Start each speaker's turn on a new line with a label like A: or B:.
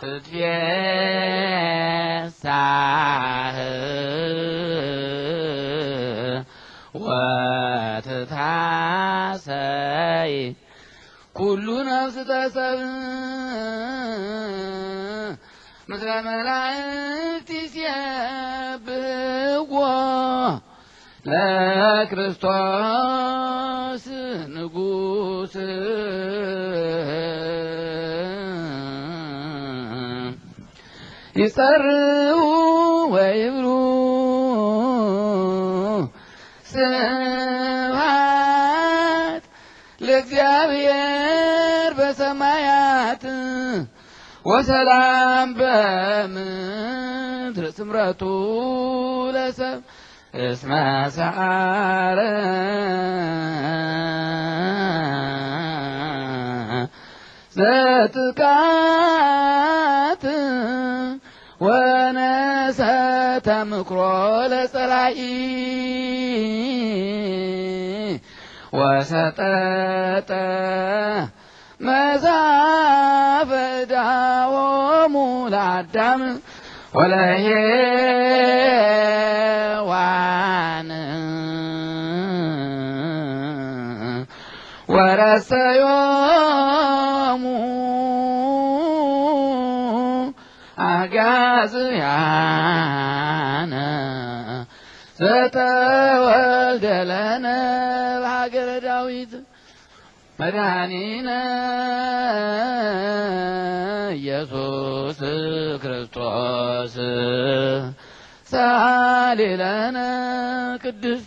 A: tự thuyết xa hư và thử tha xây ኩሉ ነፍስ ተሰብ ምስለ መላእክት ይሴብሕዎ ለክርስቶስ ንጉሥ ይጸርቡ ወይብሉ ስብሐት ለእግዚአብሔር በሰማያት ወሰላም በምድር ስምረቱ ለሰብ እስመ ሰዓረ ዘትቃ ተነሰ ተምክሮ ለጸራኢ ወሰጠጠ መዛፈ ዕዳወሙ ለአዳም
B: ወለሔዋን
A: ورسيوم አጋዝያነ ዘተወልደ ለነ በሀገረ ዳዊት መድኃኒነ ኢየሱስ ክርስቶስ ሳሌለነ ቅዱስ